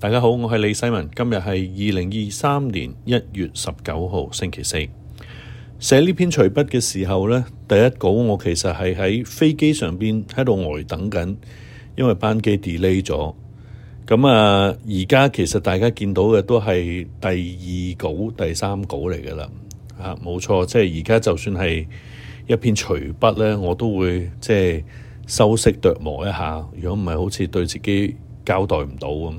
大家好，我係李世民。今日係二零二三年一月十九號星期四。寫呢篇隨筆嘅時候呢，第一稿我其實係喺飛機上邊喺度呆等緊，因為班機 delay 咗。咁啊，而家其實大家見到嘅都係第二稿、第三稿嚟噶啦。啊，冇錯，即係而家就算係一篇隨筆呢，我都會即係修飾琢磨一下。如果唔係，好似對自己交代唔到咁。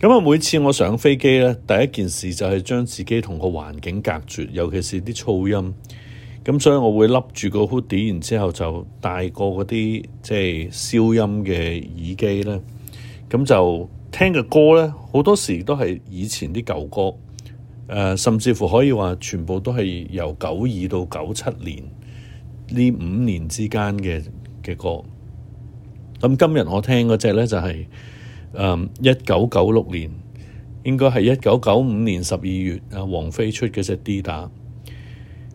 咁啊！每次我上飛機咧，第一件事就係將自己同個環境隔絕，尤其是啲噪音。咁所以，我會笠住個 hoodie，然之後就戴個嗰啲即係消音嘅耳機咧。咁就聽嘅歌咧，好多時都係以前啲舊歌。誒、呃，甚至乎可以話全部都係由九二到九七年呢五年之間嘅嘅歌。咁今日我聽嗰隻咧就係、是。一九九六年應該係一九九五年十二月，阿王菲出嗰隻 D 打，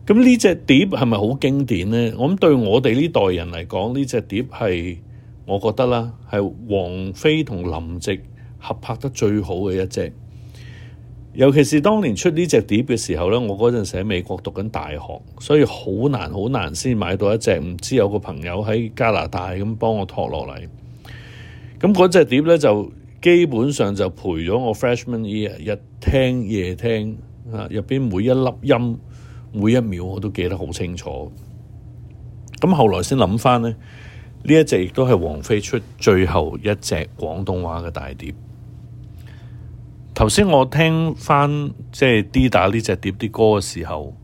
咁呢隻碟係咪好經典呢？我咁對我哋呢代人嚟講，呢隻碟係我覺得啦，係王菲同林夕合拍得最好嘅一隻。尤其是當年出呢隻碟嘅時候呢，我嗰陣時喺美國讀緊大學，所以好難好難先買到一隻。唔知道有個朋友喺加拿大咁幫我托落嚟。咁嗰隻碟咧就基本上就陪咗我 freshman year 日聽夜聽入邊、啊、每一粒音每一秒我都記得好清楚。咁、啊、後來先諗翻呢，呢一隻亦都係王菲出最後一隻廣東話嘅大碟。頭先我聽翻即係 D 打呢隻碟啲歌嘅時候，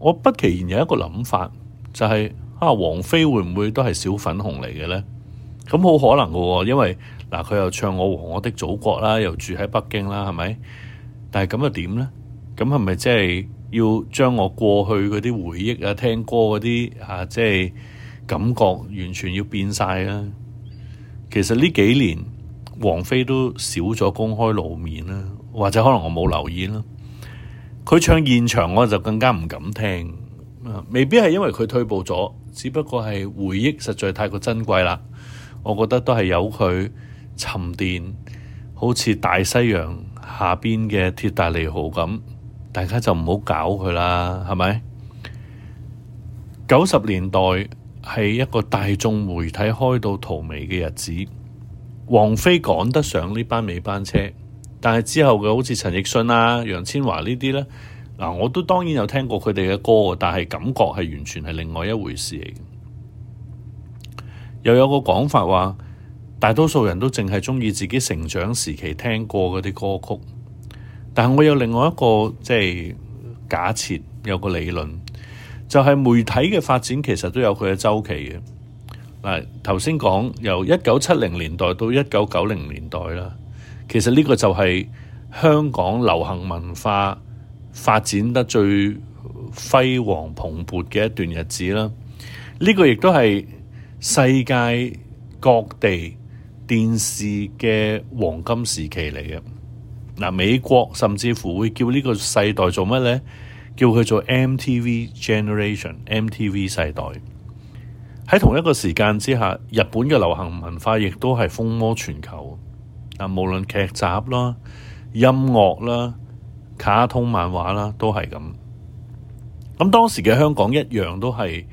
我不其然有一個諗法，就係、是、啊，王菲會唔會都係小粉紅嚟嘅咧？咁好可能嘅，因為嗱，佢又唱《我和我的祖國》啦，又住喺北京啦，係咪？但係咁又點呢？咁係咪即係要將我過去嗰啲回憶啊、聽歌嗰啲啊，即係感覺完全要變晒啦？其實呢幾年王菲都少咗公開露面啦，或者可能我冇留意啦。佢唱現場我就更加唔敢聽，未必係因為佢退步咗，只不過係回憶實在太過珍貴啦。我覺得都係由佢沉澱，好似大西洋下邊嘅鐵達尼號咁，大家就唔好搞佢啦，係咪？九十年代係一個大眾媒體開到荼蘼嘅日子，王菲趕得上呢班尾班車，但係之後嘅好似陳奕迅啊、楊千嬅呢啲呢，嗱我都當然有聽過佢哋嘅歌，但係感覺係完全係另外一回事嚟。又有個講法話，大多數人都淨係鍾意自己成長時期聽過嗰啲歌曲。但係我有另外一個即係假設，有個理論，就係媒體嘅發展其實都有佢嘅周期嘅。嗱，頭先講由一九七零年代到一九九零年代啦，其實呢個就係香港流行文化發展得最輝煌蓬勃嘅一段日子啦。呢個亦都係。世界各地電視嘅黃金時期嚟嘅。嗱，美國甚至乎會叫呢個世代做乜咧？叫佢做 MTV Generation，MTV 世代。喺同一個時間之下，日本嘅流行文化亦都係風靡全球。嗱，無論劇集啦、音樂啦、卡通漫畫啦，都係咁。咁當時嘅香港一樣都係。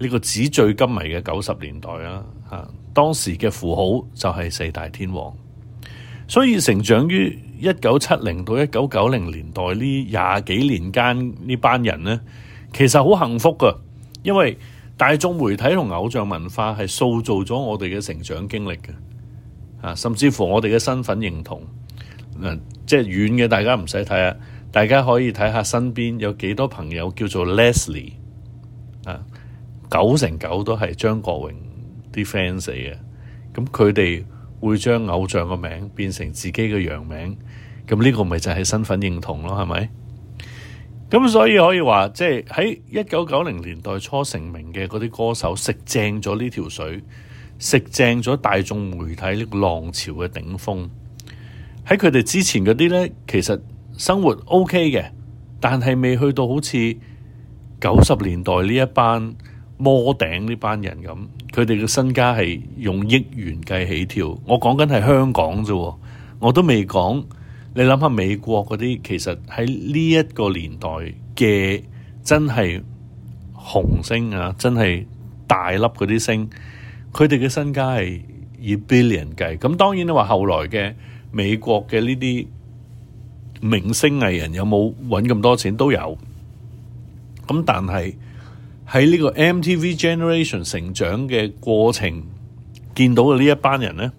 呢個紙醉金迷嘅九十年代啦，嚇當時嘅符號就係四大天王，所以成長於一九七零到一九九零年代呢廿幾年間呢班人咧，其實好幸福㗎，因為大眾媒體同偶像文化係塑造咗我哋嘅成長經歷嘅，啊，甚至乎我哋嘅身份認同，嗱即係遠嘅大家唔使睇啊，大家可以睇下身邊有幾多朋友叫做 Leslie。九成九都係張國榮啲 fans 嚟嘅，咁佢哋會將偶像嘅名變成自己嘅洋名，咁呢個咪就係身份認同咯，係咪？咁所以可以話，即係喺一九九零年代初成名嘅嗰啲歌手，食正咗呢條水，食正咗大眾媒體呢個浪潮嘅頂峰。喺佢哋之前嗰啲咧，其實生活 OK 嘅，但係未去到好似九十年代呢一班。摸頂呢班人咁，佢哋嘅身家係用億元計起跳。我講緊係香港啫，我都未講。你諗下美國嗰啲，其實喺呢一個年代嘅真係紅星啊，真係大粒嗰啲星，佢哋嘅身家係以 billion 計。咁當然你話後來嘅美國嘅呢啲明星藝人有冇揾咁多錢都有。咁但係。喺呢個 MTV generation 成長嘅過程，見到嘅呢一班人咧，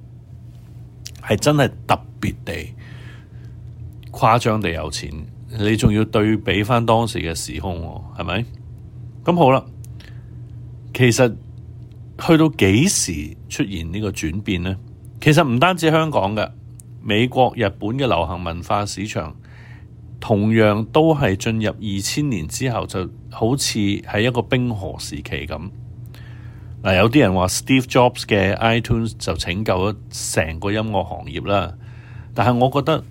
係真係特別地誇張地有錢，你仲要對比翻當時嘅時空喎，係咪？咁好啦，其實去到幾時出現呢個轉變咧？其實唔單止香港嘅，美國、日本嘅流行文化市場。同樣都係進入二千年之後，就好似係一個冰河時期咁。嗱、啊，有啲人話 Steve Jobs 嘅 iTunes 就拯救咗成個音樂行業啦。但係我覺得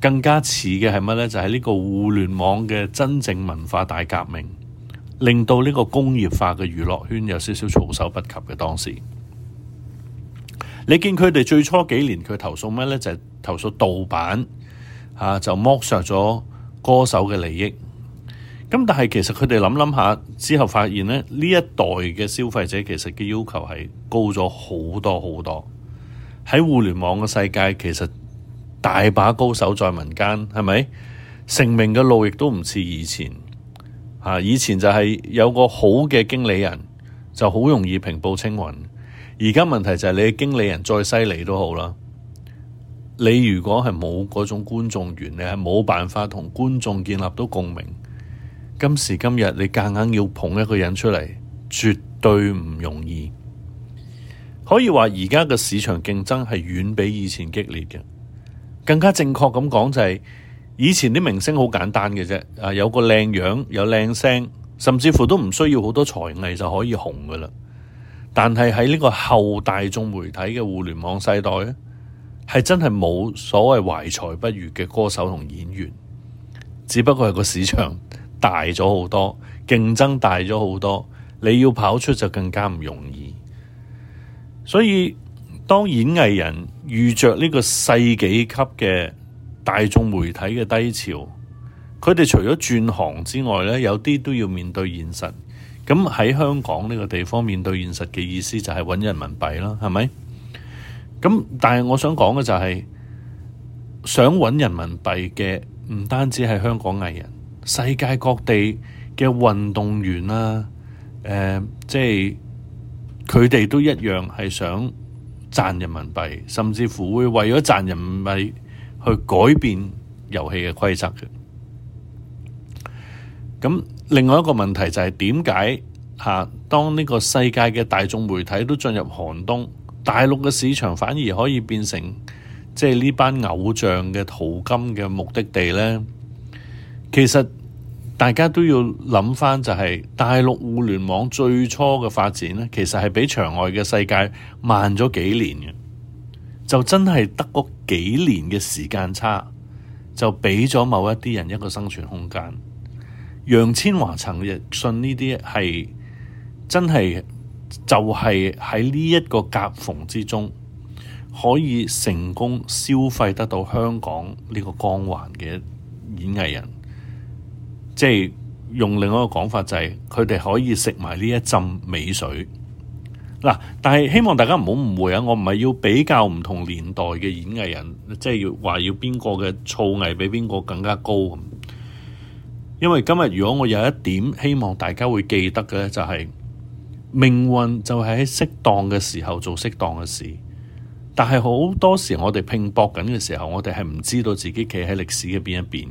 更加似嘅係乜咧？就係、是、呢個互聯網嘅真正文化大革命，令到呢個工業化嘅娛樂圈有少少措手不及嘅當時。你見佢哋最初幾年佢投訴乜咧？就係、是、投訴盜版。啊！就剝削咗歌手嘅利益。咁但係其實佢哋諗諗下之後發現咧，呢一代嘅消費者其實嘅要求係高咗好多好多。喺互聯網嘅世界，其實大把高手在民間，係咪？成名嘅路亦都唔似以前。啊！以前就係有個好嘅經理人，就好容易平步青雲。而家問題就係你嘅經理人再犀利都好啦。你如果係冇嗰種觀眾緣，你係冇辦法同觀眾建立到共鳴。今時今日，你夾硬要捧一個人出嚟，絕對唔容易。可以話而家嘅市場競爭係遠比以前激烈嘅，更加正確咁講就係，以前啲明星好簡單嘅啫，啊，有個靚樣，有靚聲，甚至乎都唔需要好多才藝就可以紅㗎啦。但係喺呢個後大眾媒體嘅互聯網世代咧。係真係冇所謂懷才不遇嘅歌手同演員，只不過係個市場大咗好多，競爭大咗好多，你要跑出就更加唔容易。所以當演藝人遇着呢個世紀級嘅大眾媒體嘅低潮，佢哋除咗轉行之外咧，有啲都要面對現實。咁喺香港呢個地方面對現實嘅意思就係揾人民幣啦，係咪？咁，但係我想講嘅就係、是、想揾人民幣嘅，唔單止係香港藝人，世界各地嘅運動員啦、啊，誒、呃，即係佢哋都一樣係想賺人民幣，甚至乎會為咗賺人民幣去改變遊戲嘅規則嘅。咁另外一個問題就係點解吓，當呢個世界嘅大眾媒體都進入寒冬？大陸嘅市場反而可以變成即係呢班偶像嘅淘金嘅目的地咧。其實大家都要諗翻就係、是、大陸互聯網最初嘅發展咧，其實係比牆外嘅世界慢咗幾年嘅，就真係得嗰幾年嘅時間差，就畀咗某一啲人一個生存空間。楊千嬅曾經信呢啲係真係就係喺呢一個夾縫之中，可以成功消費得到香港呢個光環嘅演藝人，即係用另外一個講法就係、是，佢哋可以食埋呢一浸美水。嗱，但係希望大家唔好誤會啊，我唔係要比較唔同年代嘅演藝人，即係要話要邊個嘅造詣比邊個更加高。因為今日如果我有一點希望大家會記得嘅咧、就是，就係。命運就係喺適當嘅時候做適當嘅事，但係好多時我哋拼搏緊嘅時候，我哋係唔知道自己企喺歷史嘅邊一邊嘅。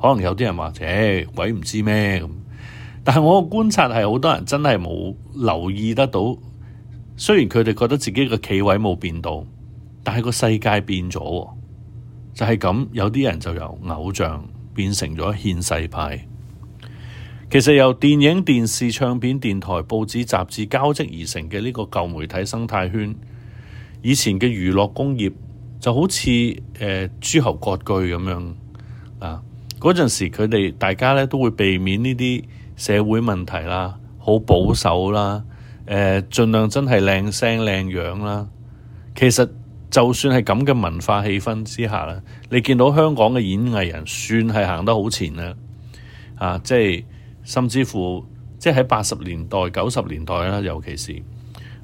可能有啲人話：「誒，鬼唔知咩」，但係我嘅觀察係好多人真係冇留意得到，雖然佢哋覺得自己嘅企位冇變到，但係個世界變咗，就係咁。有啲人就由偶像變成咗獻世派。其實由電影、電視、唱片、電台、報紙、雜誌交織而成嘅呢個舊媒體生態圈，以前嘅娛樂工業就好似誒諸侯割據咁樣啊。嗰陣時佢哋大家咧都會避免呢啲社會問題啦，好保守啦，誒、啊、盡、呃、量真係靚聲靚樣啦。其實就算係咁嘅文化氣氛之下咧，你見到香港嘅演藝人算係行得好前啊，啊即係。甚至乎即係喺八十年代、九十年代啦，尤其是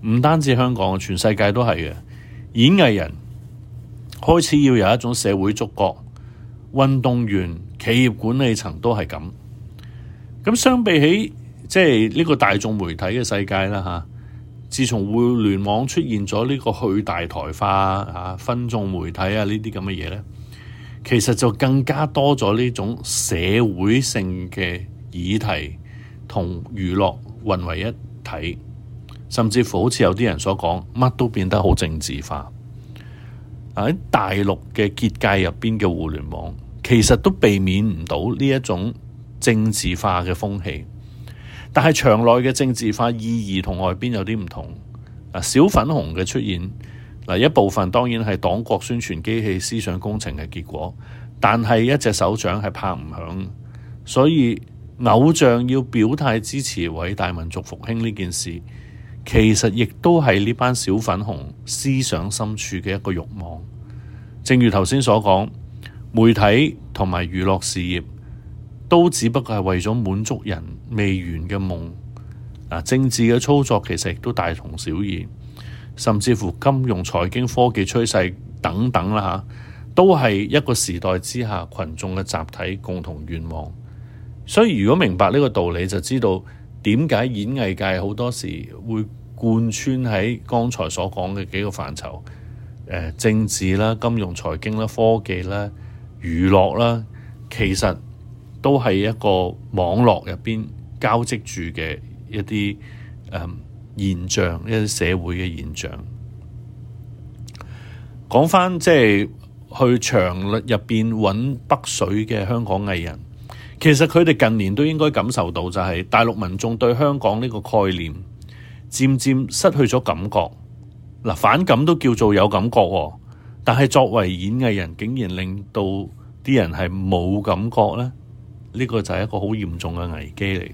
唔單止香港，全世界都係嘅演藝人開始要有一種社會觸覺，運動員、企業管理層都係咁。咁相比起即係呢個大眾媒體嘅世界啦，吓，自從互聯網出現咗呢個去大台化啊、分眾媒體啊呢啲咁嘅嘢咧，其實就更加多咗呢種社會性嘅。議題同娛樂混為一體，甚至乎好似有啲人所講，乜都變得好政治化。喺大陸嘅結界入邊嘅互聯網，其實都避免唔到呢一種政治化嘅風氣。但係牆內嘅政治化意義同外邊有啲唔同。小粉紅嘅出現，一部分當然係黨國宣傳機器、思想工程嘅結果，但係一隻手掌係拍唔響，所以。偶像要表態支持偉大民族復興呢件事，其實亦都係呢班小粉紅思想深處嘅一個慾望。正如頭先所講，媒體同埋娛樂事業都只不過係為咗滿足人未完嘅夢。啊，政治嘅操作其實亦都大同小異，甚至乎金融、財經、科技趨勢等等啦，吓都係一個時代之下，群眾嘅集體共同願望。所以如果明白呢個道理，就知道點解演藝界好多時會貫穿喺剛才所講嘅幾個範疇，誒、呃、政治啦、金融財經啦、科技啦、娛樂啦，其實都係一個網絡入邊交織住嘅一啲誒、呃、現象，一啲社會嘅現象。講翻即係去長律入邊揾北水嘅香港藝人。其實佢哋近年都應該感受到，就是，就係大陸民眾對香港呢個概念漸漸失去咗感覺。嗱，反感都叫做有感覺喎，但係作為演藝人，竟然令到啲人係冇感覺咧，呢、這個就係一個好嚴重嘅危機嚟。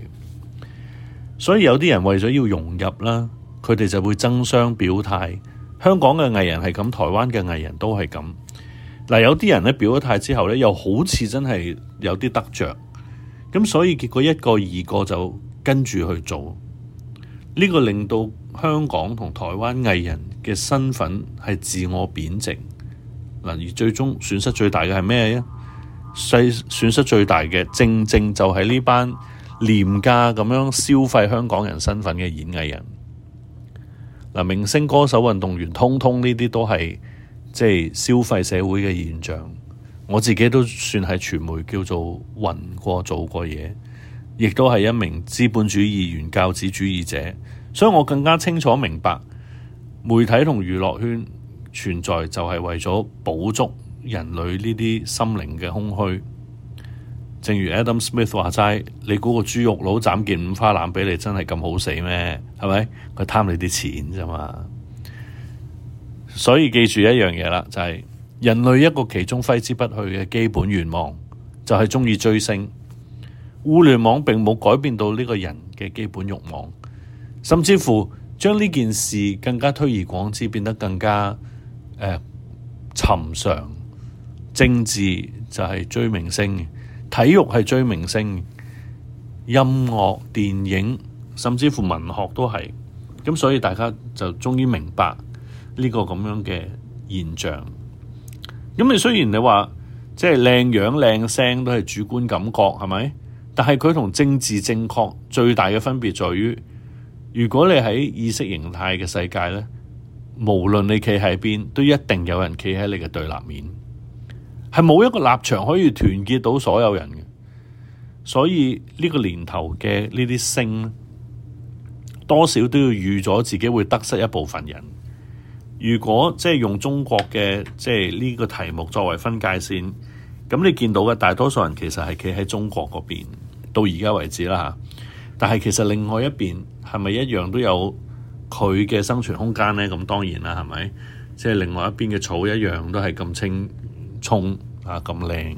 所以有啲人為咗要融入啦，佢哋就會爭相表態。香港嘅藝人係咁，台灣嘅藝人都係咁嗱。有啲人咧表咗態之後咧，又好似真係有啲得着。咁、嗯、所以結果一個二個就跟住去做，呢、這個令到香港同台灣藝人嘅身份係自我貶值。嗱，而最終損失最大嘅係咩？細損失最大嘅正正就係呢班廉價咁樣消費香港人身份嘅演藝人。嗱，明星、歌手、運動員，通通呢啲都係即係消費社會嘅現象。我自己都算係傳媒叫做混過做過嘢，亦都係一名資本主義原教旨主義者，所以我更加清楚明白媒體同娛樂圈存在就係為咗補足人類呢啲心靈嘅空虛。正如 Adam Smith 話齋，你估個豬肉佬斬件五花腩畀你真係咁好死咩？係咪？佢貪你啲錢啫嘛。所以記住一樣嘢啦，就係。人類一個其中揮之不去嘅基本願望，就係鍾意追星。互聯網並冇改變到呢個人嘅基本欲望，甚至乎將呢件事更加推而廣之，變得更加呃尋常。政治就係追明星，體育係追明星，音樂、電影，甚至乎文學都係噉，所以大家就終於明白呢個噉樣嘅現象。咁你、嗯、雖然你話即係靚樣靚聲都係主觀感覺係咪？但係佢同政治正確最大嘅分別在於，如果你喺意識形態嘅世界咧，無論你企喺邊，都一定有人企喺你嘅對立面，係冇一個立場可以團結到所有人嘅。所以呢、呢個年頭嘅呢啲星，多少都要預咗自己會得失一部分人。如果即係用中國嘅即係呢個題目作為分界線，咁你見到嘅大多數人其實係企喺中國嗰邊，到而家為止啦。吓、啊，但係其實另外一邊係咪一樣都有佢嘅生存空間咧？咁當然啦，係咪？即係另外一邊嘅草一樣都係咁青葱啊，咁靚。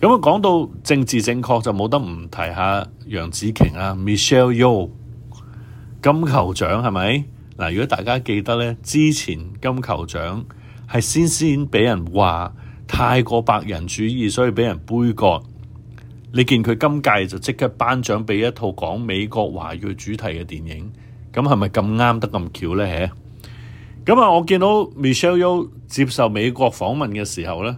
咁啊，講到政治正確就冇得唔提下楊紫瓊啊，Michelle Yeoh 金球獎係咪？是嗱，如果大家記得咧，之前金球獎係先先俾人話太過白人主義，所以俾人杯葛。你見佢今屆就即刻頒獎俾一套講美國華裔主題嘅電影，咁係咪咁啱得咁巧咧？咁啊，我見到 Michelle Yeoh 接受美國訪問嘅時候咧，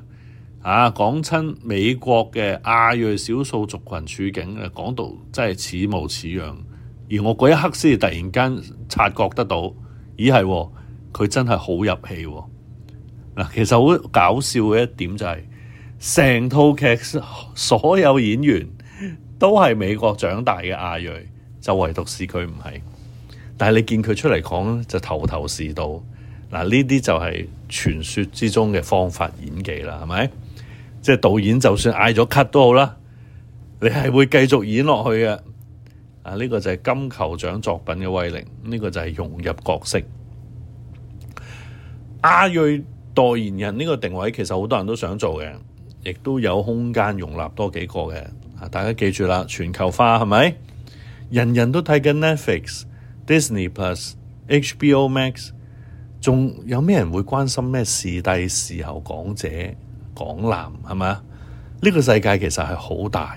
啊，講親美國嘅亞裔少數族群處境嘅，講到真係似模似樣。而我嗰一刻先突然間察覺得到，咦係，佢真係好入戲。嗱，其實好搞笑嘅一點就係，成套劇所有演員都係美國長大嘅亞裔，就唯獨是佢唔係。但係你見佢出嚟講就頭頭是道。嗱，呢啲就係傳說之中嘅方法演技啦，係咪？即係導演就算嗌咗咳都好啦，你係會繼續演落去嘅。啊！呢、這個就係金球獎作品嘅威力，呢、這個就係融入角色。阿、啊、瑞代言人呢個定位其實好多人都想做嘅，亦都有空間容納多幾個嘅、啊。大家記住啦，全球化係咪？人人都睇緊 Netflix、Disney Plus、HBO Max，仲有咩人會關心咩視帝、視后港姐港男係咪啊？呢、這個世界其實係好大。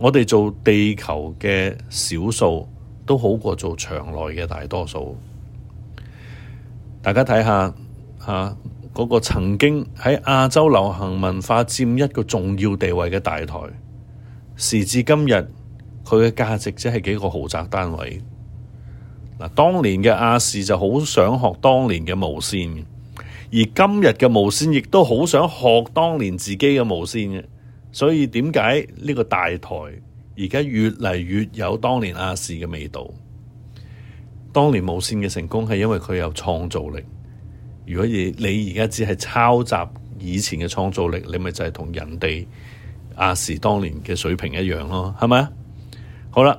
我哋做地球嘅少數都好過做牆內嘅大多數。大家睇下吓，嗰個曾經喺亞洲流行文化佔一個重要地位嘅大台，時至今日，佢嘅價值只係幾個豪宅單位。嗱，當年嘅亞視就好想學當年嘅無綫，而今日嘅無綫亦都好想學當年自己嘅無綫。所以點解呢個大台而家越嚟越有當年亞視嘅味道？當年無綫嘅成功係因為佢有創造力。如果你你而家只係抄襲以前嘅創造力，你咪就係同人哋亞視當年嘅水平一樣咯，係咪啊？好啦，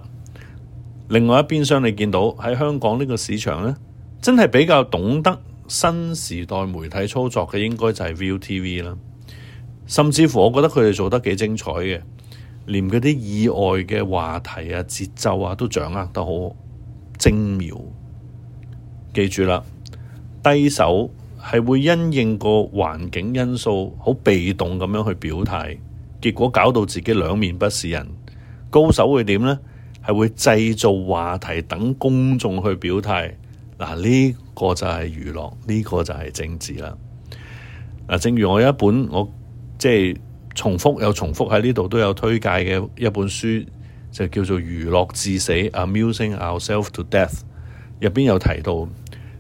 另外一邊廂你見到喺香港呢個市場呢，真係比較懂得新時代媒體操作嘅，應該就係 ViuTV 啦。甚至乎，我覺得佢哋做得幾精彩嘅，連嗰啲意外嘅話題啊、節奏啊，都掌握得好精妙。記住啦，低手係會因應個環境因素，好被動咁樣去表態，結果搞到自己兩面不是人。高手會點呢？係會製造話題，等公眾去表態。嗱，呢個就係娛樂，呢個就係政治啦。嗱，正如我一本我。即係重複又重複喺呢度都有推介嘅一本書，就叫做《娛樂致死》（Amusing Ourselves to Death）。入邊有提到，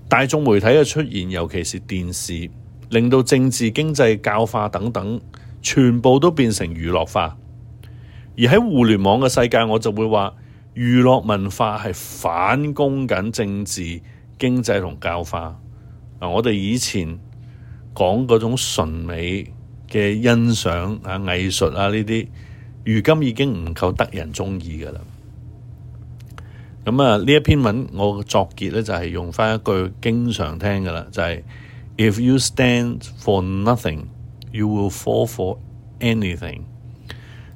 大眾媒體嘅出現，尤其是電視，令到政治、經濟、教化等等，全部都變成娛樂化。而喺互聯網嘅世界，我就會話娛樂文化係反攻緊政治、經濟同教化。啊，我哋以前講嗰種純美嘅欣賞啊，藝術啊呢啲，如今已經唔夠得人鍾意噶啦。咁啊，呢一篇文我作結咧，就係用返一句經常聽噶啦，就係 If you stand for nothing, you will fall for anything。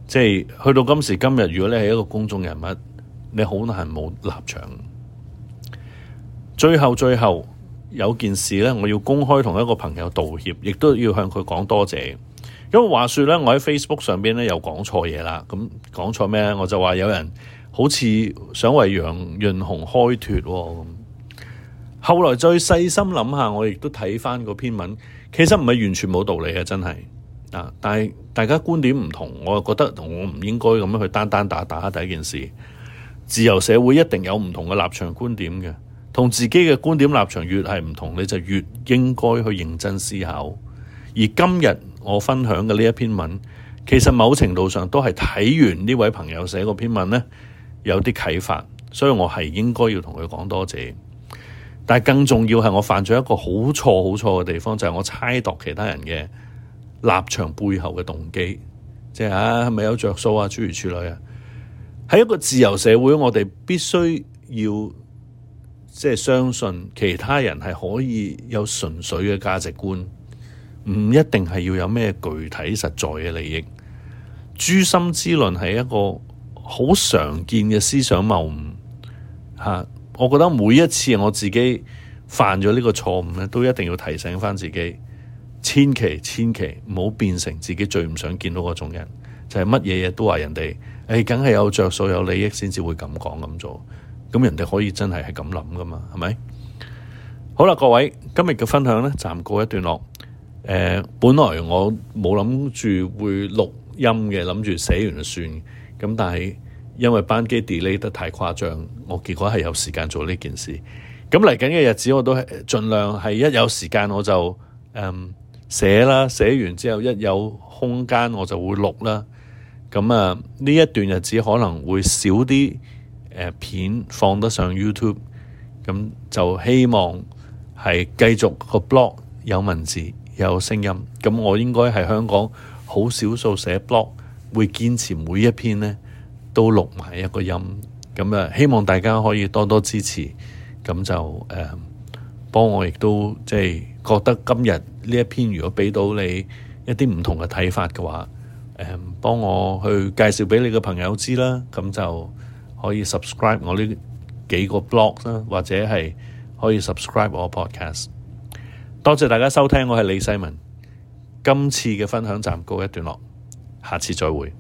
即係去到今時今日，如果你係一個公眾人物，你好難冇立場。最後，最後。有件事呢，我要公開同一個朋友道歉，亦都要向佢講多謝。因為話説呢，我喺 Facebook 上邊咧有講錯嘢啦。咁講錯咩？我就話有人好似想為楊潤雄開脱。咁後來再細心諗下，我亦都睇翻個篇文，其實唔係完全冇道理嘅，真係啊！但係大家觀點唔同，我覺得我唔應該咁樣去單單打打第一件事。自由社會一定有唔同嘅立場觀點嘅。同自己嘅觀點立場越係唔同，你就越應該去認真思考。而今日我分享嘅呢一篇文，其實某程度上都係睇完呢位朋友寫嗰篇文呢，有啲啟發，所以我係應該要同佢講多謝。但更重要係我犯咗一個好錯好錯嘅地方，就係、是、我猜度其他人嘅立場背後嘅動機，即係啊，係咪有着數啊？諸如此類啊！喺一個自由社會，我哋必須要。即係相信其他人係可以有純粹嘅價值觀，唔一定係要有咩具體實在嘅利益。誅心之論係一個好常見嘅思想謬誤。吓，我覺得每一次我自己犯咗呢個錯誤咧，都一定要提醒翻自己，千祈千祈唔好變成自己最唔想見到嗰種人，就係乜嘢嘢都話人哋，誒、哎，梗係有着數有利益先至會咁講咁做。咁人哋可以真係係咁諗噶嘛，係咪？好啦，各位，今日嘅分享呢，暫告一段落。誒、呃，本來我冇諗住會錄音嘅，諗住寫完就算。咁但係因為班機 delay 得太誇張，我結果係有時間做呢件事。咁嚟緊嘅日子，我都盡量係一有時間我就誒寫、嗯、啦，寫完之後一有空間我就會錄啦。咁、嗯、啊，呢一段日子可能會少啲。片放得上 YouTube，咁就希望係繼續個 blog 有文字有聲音。咁我應該係香港好少數寫 blog 會堅持每一篇呢都錄埋一個音。咁啊，希望大家可以多多支持。咁就幫、嗯、我亦都即係、就是、覺得今日呢一篇如果俾到你一啲唔同嘅睇法嘅話，誒、嗯、幫我去介紹俾你嘅朋友知啦。咁就。可以 subscribe 我呢幾個 blog 啦，或者係可以 subscribe 我 podcast。多謝大家收聽，我係李世文，今次嘅分享暫告一段落，下次再會。